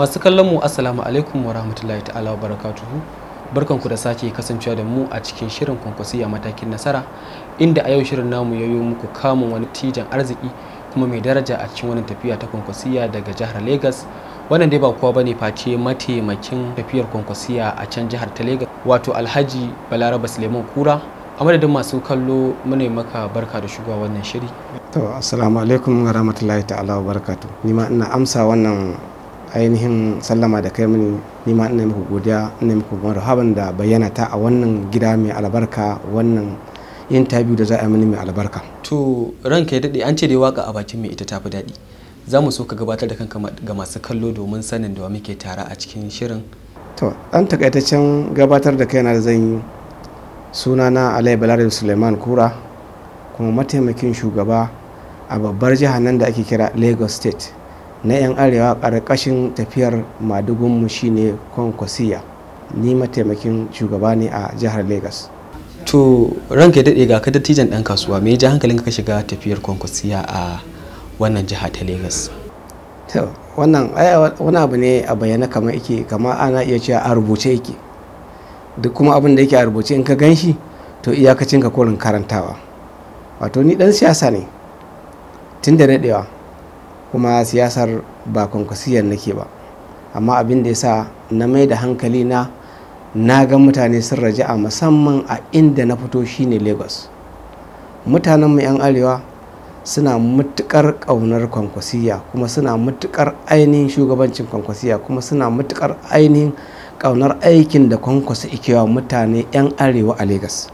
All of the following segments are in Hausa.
masu kallon mu assalamu alaikum wa rahmatullahi ta'ala wa barakatuhu barkanku da sake kasancewa da mu a cikin shirin kwankwasi a matakin nasara inda a yau shirin namu yayo muku kamun wani tijan arziki kuma mai daraja a cikin wannan tafiya ta kwankwasiya daga jihar Legas wannan dai ba kowa ne face mataimakin tafiyar kwankwasiya a can jihar ta Legas wato Alhaji Balaraba Suleiman Kura a madadin masu kallo yi maka barka da shigowa wannan shiri to assalamu alaikum wa rahmatullahi ta'ala wa barakatuh ni ma ina amsa wannan ainihin sallama da kai mini nima ina muku godiya ina muku marhaban da bayyana ta a wannan gida mai albarka wannan interview da za a yi mini mai albarka to ranka ya daɗe an ce da waka a bakin mai ita tafi daɗi za mu so ka gabatar da kanka ga masu kallo domin sanin da muke tare a cikin shirin to dan takaitaccen gabatar da kaina da zan yi sunana alai Balari suleiman kura kuma mataimakin shugaba a babbar jihar nan da ake kira lagos state na 'yan arewa ƙarƙashin tafiyar madugunmu shine kwankwasiya ni mataimakin shugaba ne a jihar lagos to ranka daɗe ga ka dattijan ɗan kasuwa me ji hankalin ka shiga tafiyar kwankwasiya a wannan jiha ta lagos to wannan wani abu ne a bayyana kamar yake kama ana iya cewa a rubuce yake duk kuma abin da yake a rubuce in ka gan shi to iyakacin ka korin karantawa wato ni ɗan siyasa ne tun da daɗewa kuma siyasar ba kwankwasiyar nake ba amma abin da ya sa na mai da hankali na na ga mutane sun a musamman a inda na fito shine lagos mu 'yan arewa suna matukar ƙaunar kwankwasiya kuma suna matukar ainihin shugabancin kwankwasiya kuma suna matukar ainihin ƙaunar aikin da kwankwasa ikewa mutane 'yan arewa a lagos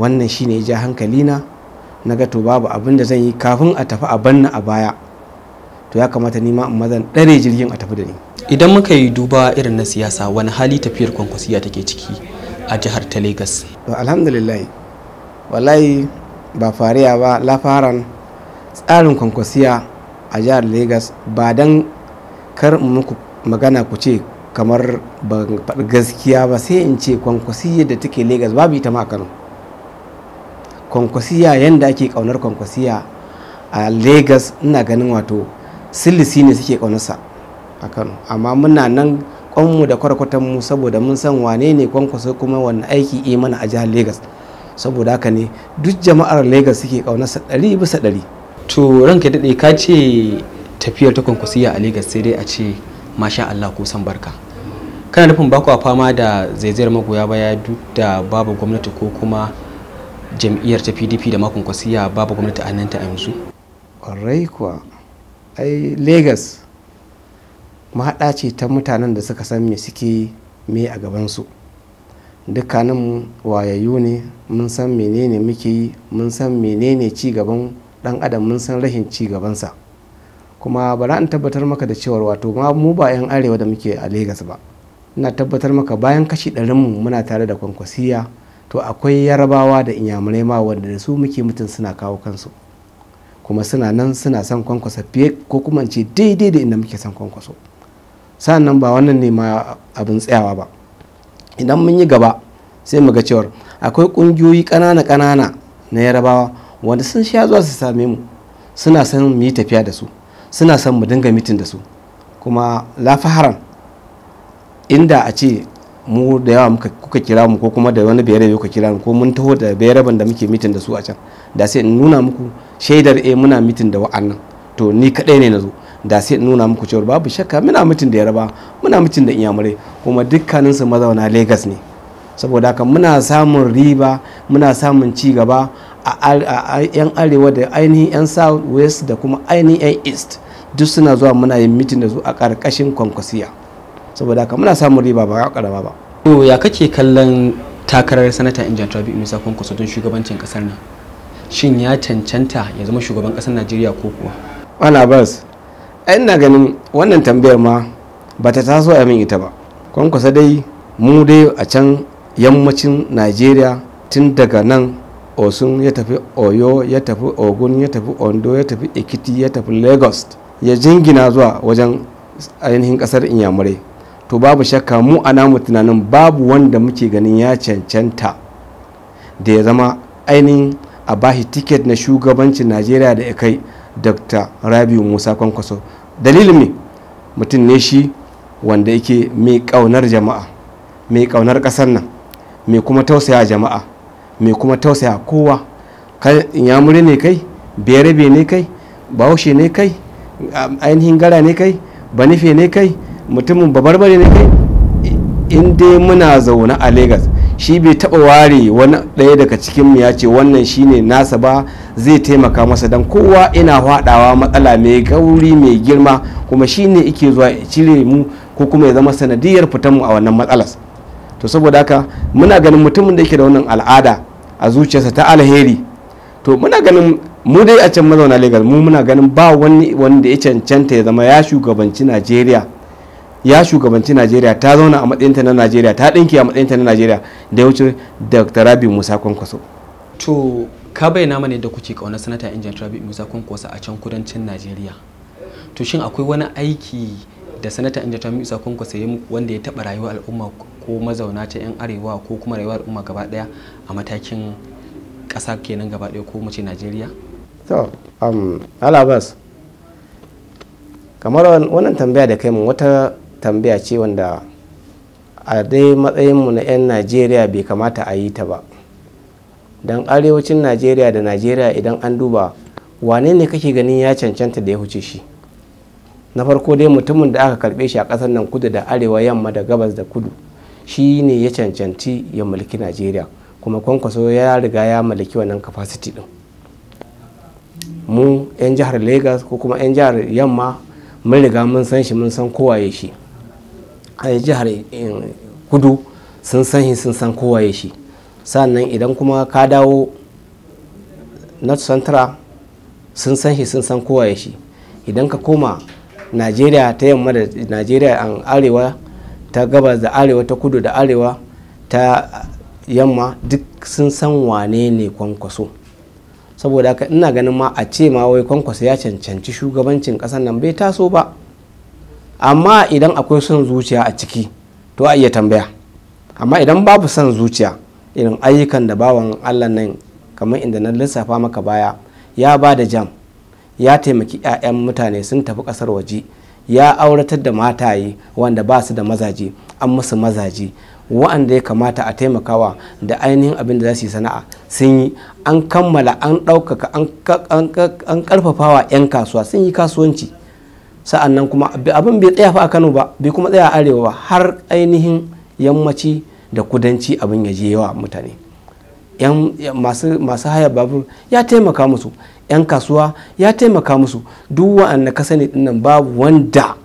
wannan shine ya ja hankalina na ga to babu abin da zan yi kafin a tafi a banna a baya to ya kamata ni ma in mazan ɗare jirgin a tafi da ni idan muka yi duba irin na siyasa wani hali tafiyar kwankwasiya take ciki a jihar ta lagos alhamdulillah wallahi ba fariya ba lafaran tsarin kwankwasiya a jihar lagos ba don kar muku magana ku ce kamar ban gaskiya ba sai in ce kwankwasiyar da take lagos babu ita ma a kano kwankwasiya yadda ake kaunar kwankwasiya a lagos ina ganin wato silisi ne suke kaunarsa a kano amma muna nan kwanmu da kwarkwatan mu saboda mun san wane ne kwankwaso kuma wani aiki yi mana a jihar lagos saboda haka ne duk jama'ar lagos suke kaunarsa ɗari bisa ɗari to ranka daɗe ka ce tafiyar ta kwankwasiya a lagos sai dai a ce masha allah ko san barka kana nufin ba fama da zaizayar magoya baya duk da babu gwamnati ko kuma jam'iyyar ta pdp da makon kwasiya babu gwamnati a nan ta yanzu ƙwarai kuwa ai lagos mahaɗa ce ta mutanen da suka san me suke me a gabansu dukkanin wayayyu ne mun san menene muke yi mun san menene ci gaban dan adam mun san rashin ci gabansa kuma bara in tabbatar maka da cewar wato ma mu ba 'yan arewa da muke a lagos ba ina tabbatar maka bayan kashi ɗarinmu muna tare da kwankwasiya to akwai yarabawa da inyamurai ma wanda da su muke mutum suna kawo kansu kuma suna nan suna son kwankwasa fiye ko kuma ce daidai da inda muke son kwankwaso nan ba wannan ne ma abin tsayawa ba idan mun yi gaba sai mu ga cewar akwai ƙungiyoyi ƙanana ƙanana na yarabawa wanda sun sha zuwa su same mu suna son mu yi tafiya da su suna son mu dinga mitin da su kuma lafaharan inda a ce mu da yawa kuka kira mu ko kuma da wani bayarabe kuka kira mu ko mun taho da bayaraban da muke mitin da su a can da sai in nuna muku shaidar eh muna mitin da wa'annan to ni kadai ne nazo da sai in nuna muku cewa babu shakka muna mitin da yaraba muna mitin da inyamurai kuma dukkanin su mazauna Lagos ne saboda haka muna samun riba muna samun ci gaba a yan arewa da ainihin yan south west da kuma ainihin yan east duk suna zuwa muna yin mitin da su a ƙarƙashin kwankwasiya saboda haka muna samun riba ba karama ba to ya kake kallon takarar sanata injin trabi musa kwankwaso don shugabancin kasar nan shin ya cancanta ya zama shugaban kasar najeriya ko kuwa wala bas ina ganin wannan tambayar ma bata taso a min ita ba kusa dai mu dai a can yammacin najeriya tun daga nan osun ya tafi oyo ya tafi ogun ya tafi ondo ya tafi ekiti ya tafi lagos ya jingina zuwa wajen ainihin kasar inyamurai to babu shakka mu a namu tunanin babu wanda muke ganin ya cancanta da ya zama ainihin a bashi tiket na shugabancin najeriya da ya kai dr rabiu musa kwankwaso dalilin me mutum ne shi wanda yake mai kaunar jama'a mai kaunar kasar nan mai kuma tausaya jama'a mai kuma tausaya kowa yamuri ne kai berebe ne kai bahaushe ne kai ainihin gara ne kai banife ne kai mutumin babarbare ne kai in dai muna zaune a lagos shi bai taba ware wani ɗaya daga cikin mu ya ce wannan shine nasa ba zai taimaka masa don kowa ina fadawa matsala mai gauri mai girma kuma shine ike zuwa cire mu ko kuma ya zama sanadiyar fitan mu a wannan matsalas to saboda haka muna ganin mutumin da yake da wannan al'ada a zuciyarsa ta alheri to muna ganin mu dai a can mazauna legal mu muna ganin ba wani wanda ya cancanta ya zama ya shugabanci najeriya ya shugabanci najeriya ta zauna a matsayinta na najeriya ta ɗinki a matsayinta na najeriya da ya wuce dr rabi musa kwankwaso to ka bayyana mana da kuke kauna sanata injin rabi musa kwankwaso a can kudancin najeriya to shin akwai wani aiki da sanata injin rabi musa kwankwaso ya wanda ya taɓa rayuwar al'umma ko mazauna ta yan arewa ko kuma rayuwar al'umma gaba ɗaya a matakin ƙasa kenan gaba ɗaya ko mu ce najeriya to um, alabas kamar wannan tambaya da kai mun wata tambaya ce wanda a dai matsayinmu na 'yan najeriya bai kamata a yi ta ba don arewacin najeriya da najeriya idan an duba wane ne kake ganin ya cancanta da ya huce shi na farko dai mutumin da aka karbe shi a ƙasar nan kudu da arewa yamma da gabas da kudu shi ne ya cancanci ya mulki najeriya kuma kwankwaso ya riga ya mulki wannan capacity din mu 'yan jihar lagos ko kuma 'yan jihar yamma mun riga mun san shi mun san kowaye shi a jihar eh, kudu sun san sun san kowaye shi sannan idan kuma ka dawo north central sun san sun san kowaye shi idan ka koma najeriya ta yamma da najeriya an arewa ta gabas da arewa ta kudu da arewa ta yamma duk sun san wane ne kwankwaso saboda ina ganin ma a ce ma wai kwankwaso ya cancanci shugabancin ƙasar nan bai taso ba amma idan akwai son zuciya a ciki to a iya tambaya amma idan babu son zuciya irin ayyukan da bawan allah nan kamar inda na lissafa maka baya ya ba da jam ya taimaki 'ya'yan mutane sun tafi ƙasar waje ya auratar da mataye wanda ba su da mazaje an musu mazaje wanda ya kamata a taimakawa da ainihin abin da za su yi sana'a sun yi an kammala an ɗaukaka an ƙarfafawa 'yan kasuwa sun yi kasuwanci sa'an nan kuma abin bai tsaya fa a kano ba bai kuma tsaya a arewa ba. har ainihin yammaci da kudanci abin ya je yawa mutane masu haya babur ya taimaka musu yan kasuwa ya taimaka musu duk wa'anda ka sani dinnan babu wanda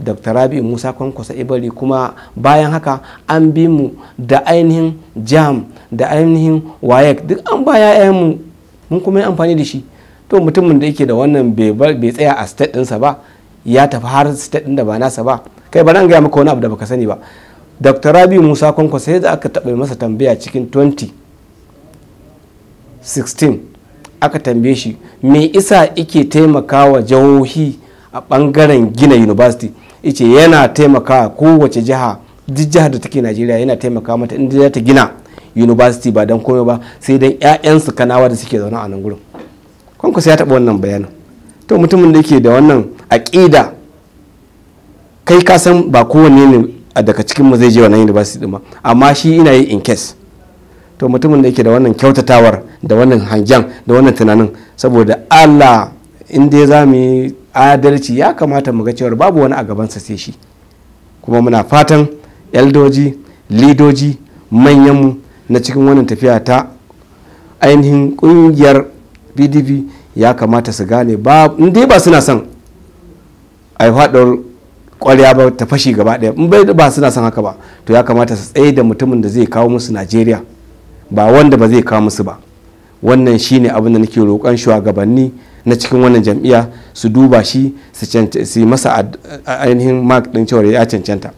dr rabi musa kwankwasa ibari kuma bayan haka an bi mu da ainihin jam da ainihin wayek duk an baya mu mun kuma yi amfani da shi to mutumin da yake da wannan bai tsaya a state ɗinsa ba ya tafi har state ɗin da ba nasa ba kai ba nan gaya maka wani abu da baka sani ba dr rabi musa kwankwa sai da aka taɓa masa tambaya cikin 2016 aka tambaye shi me isa ike taimakawa jihohi a bangaren gina university ice yana taimakawa kowace jiha duk jihar da take najeriya yana taimaka mata inda za ta gina university ba don komai ba sai don 'ya'yansu kanawa da suke zaune a nan gurin kwankwasa ya taɓa wannan bayanin to mutumin da yake da wannan aƙida kai ka san ba kowane ne daga cikin mu zai je wannan university din ba amma shi ina yi in case to mutumin da yake da wannan kyautatawar da wannan hangen da wannan tunanin saboda Allah in dai za mu yi adalci ya kamata mu ga cewar babu wani a gabansa sai shi kuma muna fatan eldoji lidoji manyanmu na cikin wannan tafiya ta ainihin kungiyar pdp ya kamata su gane ba in dai ba suna son a yi faɗar ƙwarya ba ta fashi gaba ɗaya in bai ba suna son haka ba to ya kamata su tsaye da mutumin da zai kawo musu najeriya ba wanda ba zai kawo musu ba wannan shine abin da nake roƙon shugabanni na cikin wannan jam'iyya su duba shi su yi masa ainihin mark ɗin cewar ya cancanta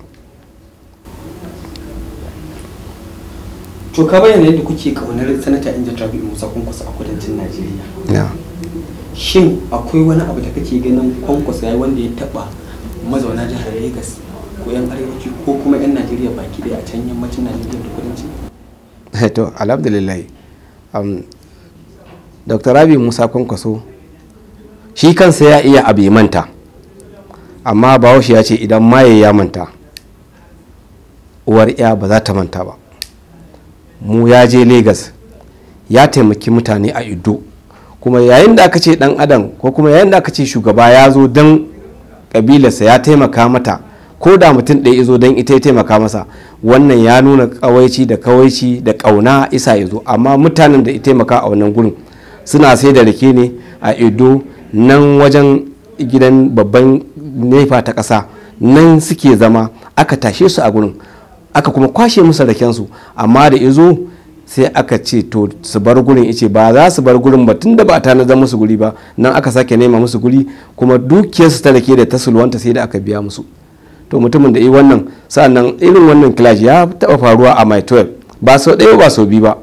to ka bayyana yadda kuke kaunar sanata inda trabi musa kwankwasa a kudancin najeriya shin akwai wani abu da kake ganin kwankwasa ya wanda ya taba mazauna jihar lagos ko yan arewaci ko kuma yan najeriya baki daya a can yammacin najeriya da kudanci eh to alhamdulillah um, dr rabi musa kwankwaso shi kansa ya iya abu manta amma shi ya ce idan maye ya manta uwar ya ba za ta manta ba mu ya je Legas ya taimaki mutane a Ido kuma yayin da aka ce dan adam ko kuma yayin da aka ce shugaba ya zo don kabilarsa ya taimaka mata ko da mutum ɗaya izo don ita ya taimaka masa wannan ya nuna kawaici da kawaici da ƙauna isa ya zo amma mutanen da ya taimaka a wannan gurin suna sai da rake ne a ido nan wajen gidan babban nefa ta ƙasa nan suke zama aka tashe su a gurin aka kuma kwashe musu rakensu amma da izo sai aka ce to su bar gurin ice ba za su bar gurin ba tun da ba a tanadar musu guri ba nan aka sake nema musu guri kuma dukiyarsu ta rake da ta sulwanta sai da aka biya musu to mutumin da yi wannan sa'annan irin wannan clash ya taba faruwa a my 12 ba sau ɗaya ba so biyu ba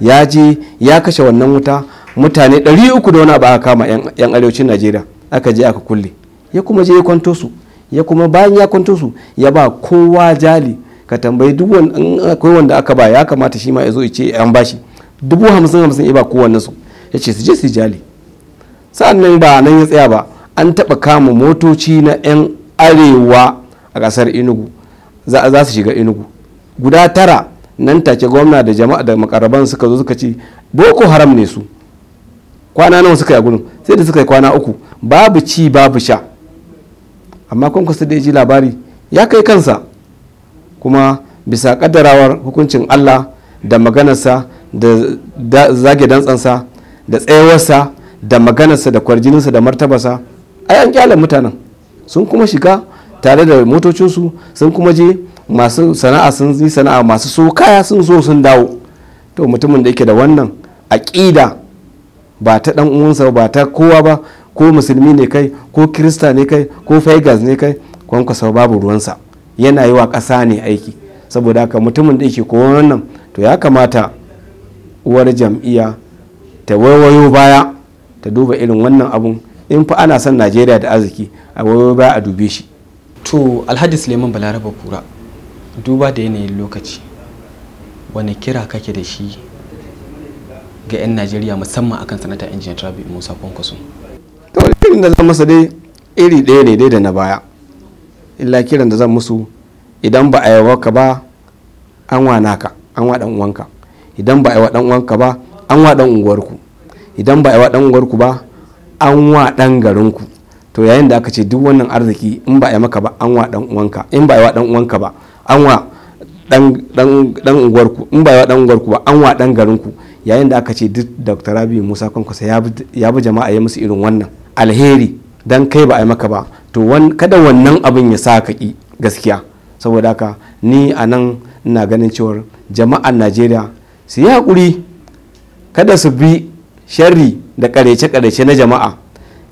ya je ya kashe wannan wuta mutane 300 da wani ba aka kama 'yan arewacin najeriya aka je aka kulle ya kuma je ya kwanto su ya kuma bayan ya kwanto su ya ba kowa jali ka tambayi duk akwai wanda aka ba ya kamata shi ma ya zo ya ce an bashi dubu hamsin hamsin ya ba kowanne su ya ce su je su jali nan ba nan ya tsaya ba an taɓa kama motoci na 'yan arewa a ƙasar inugu za su shiga inugu guda tara nan take gwamna da jama'a da makaraban suka zo suka ce boko haram ne su kwana nawa suka yi gudun sai da suka yi kwana uku babu ci babu sha amma kwankwaso da ya ji labari ya kai kansa kuma bisa kaddarawar hukuncin allah da maganarsa da zage dantsansa da tsayawarsa da maganarsa da kwarjininsa da martabarsa ai an kyale mutanen sun kuma shiga tare da motocinsu sun kuma je masu sana'a sun yi sana'a masu so kaya sun zo sun dawo to mutumin da yake da wannan aƙida ba ta dan uwansa ba ta kowa ba ko musulmi ne kai ko kirista ne kai ko faigas ne kai sau babu ruwansa yana yi wa ƙasa ne aiki saboda haka mutumin da yake kowa wannan to ya kamata uwar jam'iyya ta waiwayo baya ta duba irin wannan abun in fa ana son najeriya da arziki a waiwayo baya a dube shi to alhaji suleiman balaraba kura duba da yanayin lokaci wani kira kake da shi ga 'yan najeriya musamman akan sanata injiniyar rabi musa kwankwaso fim da zan masa dai iri ɗaya ne dai da na baya illa kiran da zan musu idan ba a yi ka ba an wa naka an wa dan uwanka idan ba a yi wa dan uwanka ba an wa dan unguwarku idan ba a yi wa dan unguwarku ba an wa dan garinku to yayin da aka ce duk wannan arziki in ba a yi maka ba an wa dan uwanka in ba a yi wa dan uwanka ba an wa dan unguwarku in ba a yi wa dan unguwarku ba an wa dan garinku yayin da aka ce duk dr rabi musa kwankwasa ya bi jama'a ya musu irin wannan alheri dan kai ba a yi maka ba to kada wannan abin ya sa ka ƙi gaskiya saboda haka ni a nan ina ganin cewar jama'ar najeriya su yi haƙuri kada su bi sharri da ƙarece-ƙarece na jama'a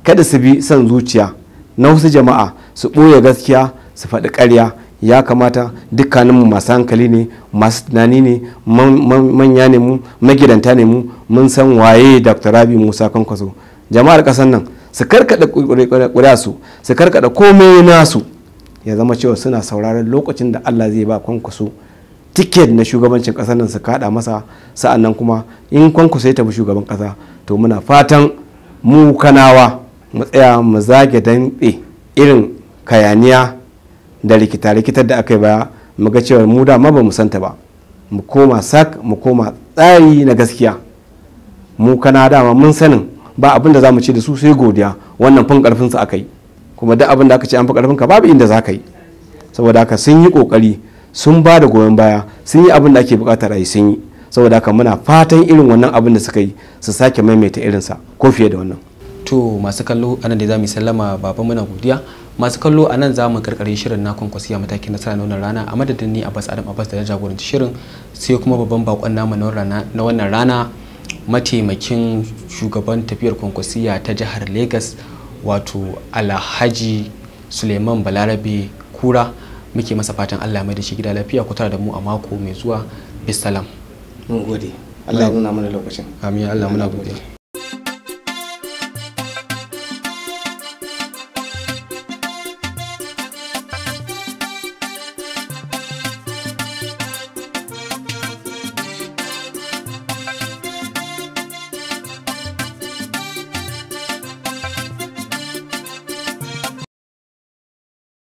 kada su bi son zuciya na wasu jama'a su ɓoye gaskiya su faɗi ƙarya ya kamata dukkaninmu masu hankali ne masu tunani ne manya ne mu magidanta ne mu mun san waye dr rabi musa kwankwaso jama'ar ƙasar nan su karkada ƙuri'a su su karkada komai nasu ya zama cewa suna sauraron lokacin da Allah zai ba kwankwaso tiket na shugabancin ƙasar nan su kaɗa masa sa'annan kuma in kwankwaso ya tafi shugaban ƙasa to muna fatan mu kanawa mu tsaya mu zage danɓe irin kayaniya da rikita-rikitar da aka yi baya mu ga cewa mu da ma ba mu santa ba mu koma sak mu koma tsari na gaskiya mu kana dama mun sanin ba abin da za mu ce da su sai godiya wannan fin karfin su yi kuma duk abin da aka ce an fi karfin ka babu inda za ka yi saboda haka sun yi kokari sun ba da goyon baya sun yi abin da ake bukata a sun yi saboda haka muna fatan irin wannan abin da suka yi su sake maimaita irinsa ko fiye da wannan to masu kallo anan da za mu sallama baban muna godiya masu kallo anan za mu karkare shirin na kwankwasiya matakin nasara na wannan rana a madadin ni abbas adam abbas da na jagoranci shirin sai kuma babban bakon namu na wannan rana mataimakin shugaban tafiyar kwankwasiya ta jihar lagos wato alhaji suleiman balarabe kura muke masa fatan allah mai da shi gida lafiya ku tara da mu a mako mai zuwa bisalam mun gode allah ya nuna mana lokacin amin allah muna gode